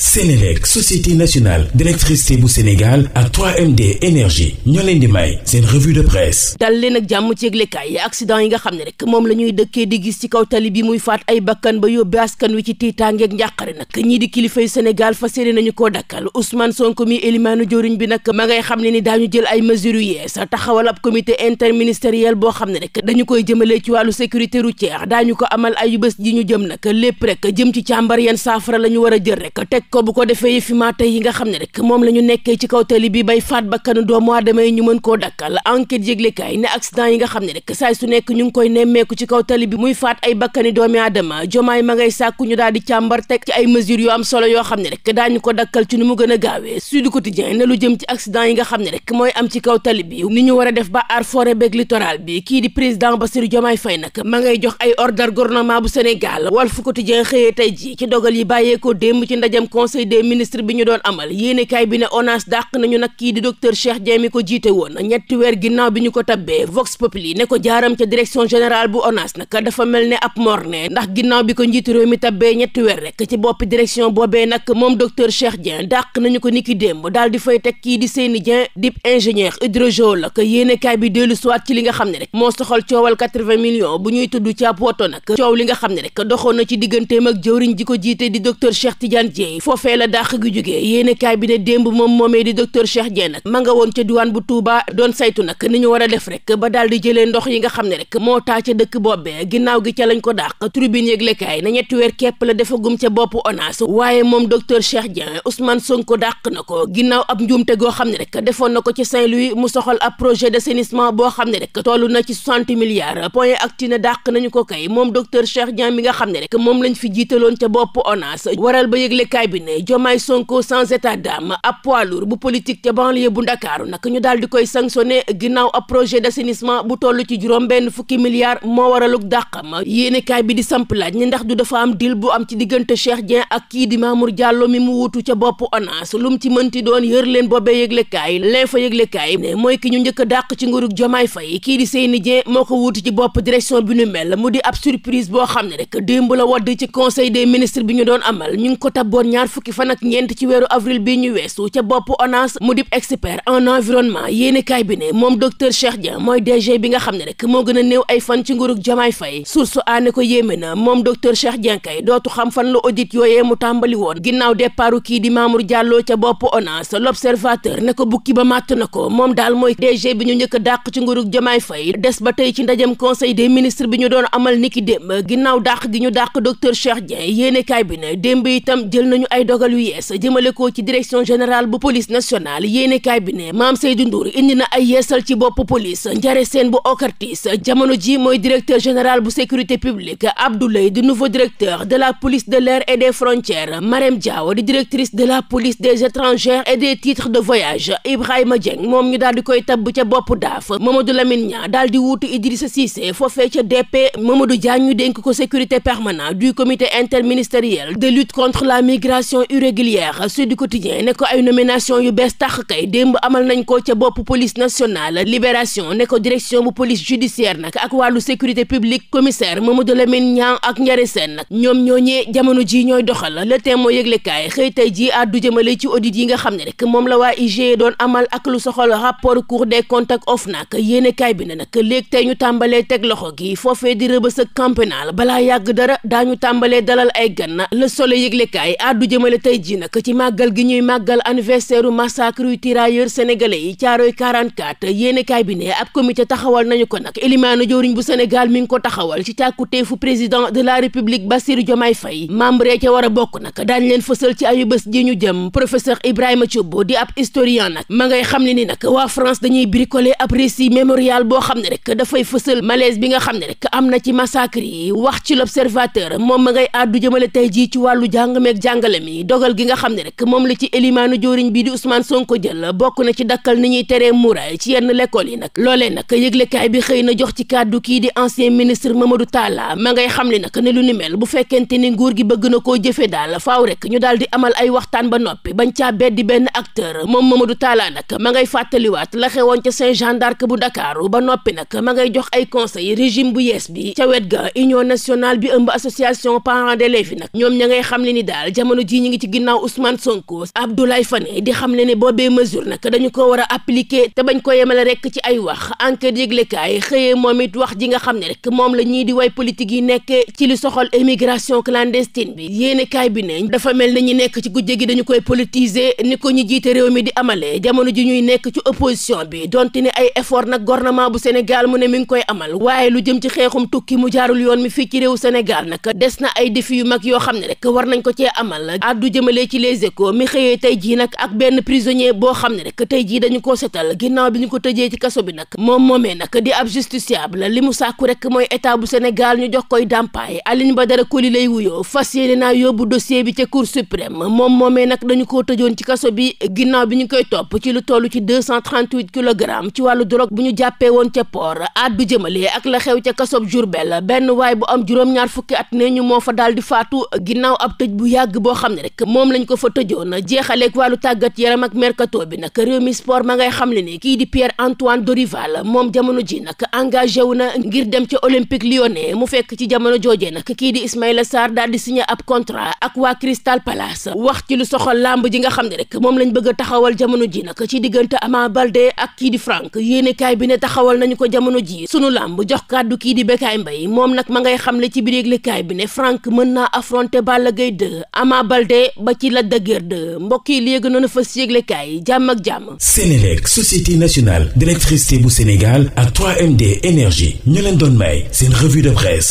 Sénélec société nationale d'électricité bu Sénégal ak 3MD énergie ñoo leen di may seen revue de presse dal leen ak jàmm ci yëglekaay yi accident yi nga xam ne rek moom la ñuy dëkkee di gis ci kaw tali bi muy faat ay bakkan ba yóbbe askan wi ci tiitaange ak njàqare nag ñii di kilifay Sénégal fas yéene nañu koo dakkal Ousmane Sonko mi élimaanu joriñ bi nag ma ngay xam ne ni daañu jël ay mesures yu yees taxawal ab comité interministériel boo xam ne rek dañu koy jëmalee ci wàllu sécurité routière daañu ko amal ayu bés ji ñu jëm nag lépp rek jëm ci càmbar yenn saafara la ñu war a jël rek teg ko bu ko defee yëfi maa tey yi nga xam ne rek moom la ñu nekkee ci kaw tali bi bay faat bakkanu doomu aadama yi mën koo dakkal enquête yëglekaay ne accident yi nga xam ne rek saay su nekk ñu ngi koy nemmeeku ci kaw tali bi muy faat ay bakkani doomi aadama jomaay ma ngay sàkku ñu daal di càmbar teg ci ay mesures yoo am solo yoo xam ne rek daa daañu ko dakkal ci nu mu gën a gaawee Sud Quotidien ne lu jëm ci accident yi nga xam ne rek mooy am ci kaw tali bi ni ñu war a def ba aar forêt beeg littoral bi kii di président Bassirou Diomaye Faye nag ma ngay jox ay ordre gouvernement bu Sénégal Walf Quotidien xëyee tey ji ci dogal yi bàyyeekoo démb ci ndajam conseil des ministres bi ñu doon amal yéenekaay bi ne ONAS dàq nañu nag kii di docteur Cheikh Dieng mi ko jiite woon ñetti weer ginnaaw bi ñu ko tabbee Vox Populi ne ko jaaram ca direction générale bu ONAS nag dafa mel ne ab morne ndax ginnaaw bi ko njiitu mi tabbee ñetti weer rek ci bopp direction boobee nag moom docteur Cheikh Dieng dàq nañu ko niki démb daal di fay teg kii di Seyni Dieng dip ingénieur hydrogéologue yéenekaay bi dellu siwaat li nga xam ne rek moo soxal bu ñuy tudd ko jiite di yi foofee la dàq gi jógee yéene kaay bi ne démb moom moomee di docteur Cheikh Dieng nag ma nga woon ca diwaan bu Touba doon saytu nag ni ñu war a def rek ba daal di jëlee ndox yi nga xam ne rek moo taa ca dëkk boobee ginnaaw gi ca lañ ko dàq tribune yëglekaay na ñetti weer képp la defagum ca bopp ONAS waaye moom docteur Cheikh Dieng Ousmane Sonko dàq na ko ginnaaw ab njuumte goo xam ne rek defoon na ko ci saint mu soxal ab projet d'assainissement boo xam ne rek toll na ci soixante milliards point ak tina dàq nañu ko kay moom docteur Cheikh Dieng mi nga xam ne rek moom lañ fi jiitaloon ca bopp ONAS waral ba yëglekaay cabinet Diomaye Sonko sans état d'âme ab poids bu politique ca banlieue bu ndakaaru nag ñu daal di koy sanctionné ginnaaw ab projet d'assainissement bu toll ci juróom benn fukki milliards moo waralug dàqam yéenekaay bi di samp laaj ne ndax du dafa am dil bu am ci diggante Cheikh Dieng ak kii di Mamour Diallo mi mu wutu ca bopp ONAS lu mu ci mënti doon yër leen boobee yëglekaay leen fa yëglekaay ne mooy ki ñu njëkk a dàq ci nguurug Diomaye Faye kii di Seyni Dieng moo ko wutu ci bopp direction bi nu mel mu di ab boo xam ne rek démb la wadd ci conseil bi ñu doon amal ñaar fukki fan ak ñeent ci weeru avril bi ñu weesu ca bopp ONAS mu dib expert en environnement yéene kaay bi ne moom docteur Cheikh Dia mooy DG bi nga xam ne rek moo gën a néew ay fan ci nguurug Jamaay Faye source aane ko yéeme na moom docteur Cheikh Dia kay dootu xam fan la audit yooyee mu tàmbali woon ginnaaw départu kii di Mamour Diallo ca bopp ONAS l'observateur ne ko bukki ba màtt na ko moom daal mooy DG bi ñu njëkk a dàq ci nguurug Jamaay Faye des ba tey ci ndajem conseil des ministres bi ñu doon amal niki démb ginnaaw dàq gi ñu dàq docteur Cheikh Dia yéene kaay bi ay dogal yu yees jëmale ko ci direction générale bu police nationale yéenekaay bi ne maam Seydou Ndour indi na ay yeesal ci bopp police njare seen bu okartis jamono ji mooy directeur général bu sécurité publique Abdoulaye di nouveau directeur de la police de l'air et des frontières Marème Diaw di directrice de la police des étrangers et des titres de voyage Ibrahima Dieng moom ñu daal di koy tabb ca bopp daaf Mamadou Lamine Nia dal di wuutu Idrissa Cissé foofee ca DP Mamadou Diagne ñu dénk ko sécurité permanente du comité interministériel de lutte contre la nomination irrégulière Sud ne ko ay nomination yu bees tax kay démb amal nañ ko ca bopp police nationale libération ne ko direction bu police judiciaire nag ak wàllu sécurité publique commissaire Mamadou Lamine Niang ak Ndiare Sène nag ñoom ñooñee jamono ji ñooy doxal le Témoin moo yëglekaay xëy tey ji àddu jëmale ci audit yi nga xam ne rek moom la waa IGE doon amal ak lu soxal rapport Cour des comptes ak OFNAC yéenekaay bi ne nag léeg tey ñu tàmbalee teg loxo gi foofee di Rebeuss ak Camp Pénal balaa yàgg dara daa ñu tàmbalee dalal ay gan Le Soleil yëglekaay àddu jëmale tey ji nag ci màggal gi ñuy màggal anniversaire u massacre yu tirailleurs sénégalais yi caaroy 44 yéenekaay bi ne ab comité taxawal nañu ko nag élimaanu jëwriñ bu Sénégal mi ngi ko taxawal ci càkkuteefu président de la république Bassirou membre ca war a bokk nag daañ leen fësal ci ayu bés ji ñu jëm professeur Ibrahima Thioub di ab historien nag ma ngay xam ne ni nag waa France dañuy bricoler ab récit mémorial boo xam ne rek dafay fësal malaise bi nga xam ne rek am na ci massacre yi wax ci l'observateur moom ma ngay àddu jëmale tey jii ci wàllu jàng meeg jàngale mi dogal gi nga xam ne rek moom la ci élimaanu jóoriñ bii di Ousmane Sonko jël bokk na ci dakkal ni ñuy teree muraay ci yenn lekkool yi nag loolee nag yëglekaay bi xëy na jox ci kàddu kii di ancien ministre Mamadou Talla ma ngay xam le nag ne lu ni mel bu fekkente ni nguur gi bëgg na koo jëfe daal faaw rek ñu daal di amal ay waxtaan ba noppi bañ caa beddi benn acteur moom Mamadou Talla nag ma ngay fàttaliwaat la xewoon ca Saint Jean d'Arc bu Dakaaru ba noppi nag ma ngay jox ay conseil régime bu yees bi wet ga union nationale bi ëmb association parents d'élèves yi nag ñoom ña ji ñu ngi ci ginnaaw Ousmane Sonko Abdoulaye Fane di xam le ne boobee mesure nag dañu ko war a appliquer te bañ ko yemale rek ci ay wax enquête yëglekaay xëyee moom it wax ji nga xam ne rek moom la ñii di way politique yi nekkee ci li soxal émigration clandestine bi yéenekaay bi ne dafa mel na ñu nekk ci guddi gi dañu koy politiser ni ko ñu jiite réew mi di amalee jamono ji ñuy nekk ci opposition bi donte ne ay effort nag gouvernement bu Sénégal mu ne mi ngi koy amal waaye lu jëm ci xeexum tukki mu jaarul yoon mi fii ci réew Sénégal nag des na ay défi yu mag yoo xam ne rek war nañ ko cee amal Sall addu jëmale ci les échos mi xëyee tey jii nag ak benn prisonnier boo xam ne rek tey jii dañu ko setal ginnaaw bi ñu ko tëjee ci kaso bi nag moom moomee nag di ab justiciable li mu sàkku rek mooy état bu Sénégal ñu jox koy dàmpaay Aline Badara Koli lay wuyoo fas yéene naa yóbbu dossier bi ca cour suprême moom moomee nag dañu ko tëjoon ci kaso bi ginnaaw bi ñu koy topp ci lu toll ci deux cent trente huit kilogrammes ci wàllu drogue bu ñu jàppee woon ca port addu jëmale ak la xew ca kasob Diourbel benn waay bu am juróom-ñaar fukki at ne moo fa daal di faatu ginnaaw ab yàgg boo xam ne rek moom lañ ko fa tëjoon jeexaleeg wàllu tàggat yaram ak mercato bi nag réew sport ma ngay xam le ni kii di Pierre Antoine Dorival moom jamono ji nag engagé wu na ngir dem ca Olympique Lyonnais mu fekk ci jamono joojee nag kii di la Sarr daal di signé ab contrat ak waa Crystal Palace wax ci lu soxal làmb ji nga xam ne rek moom lañ bëgg a taxawal jamono ji nag ci diggante Ama Baldé ak kii di frank yéenekaay bi ne taxawal nañu ko jamono ji sunu làmb jox kàddu kii di Bécaye Mbaye moom nag ma ngay xam le ci biir yëglekaay bi ne Franc mën naa affronter Balla Gaye Balde ba ci Lac de Guiers 2 mbokk yi léegi noonu fa yéglekaay jàmm ak jàmm. Sénélec société nationale d'électricité bu Sénégal à 3MD énergie ñu leen doon may seen revue de presse.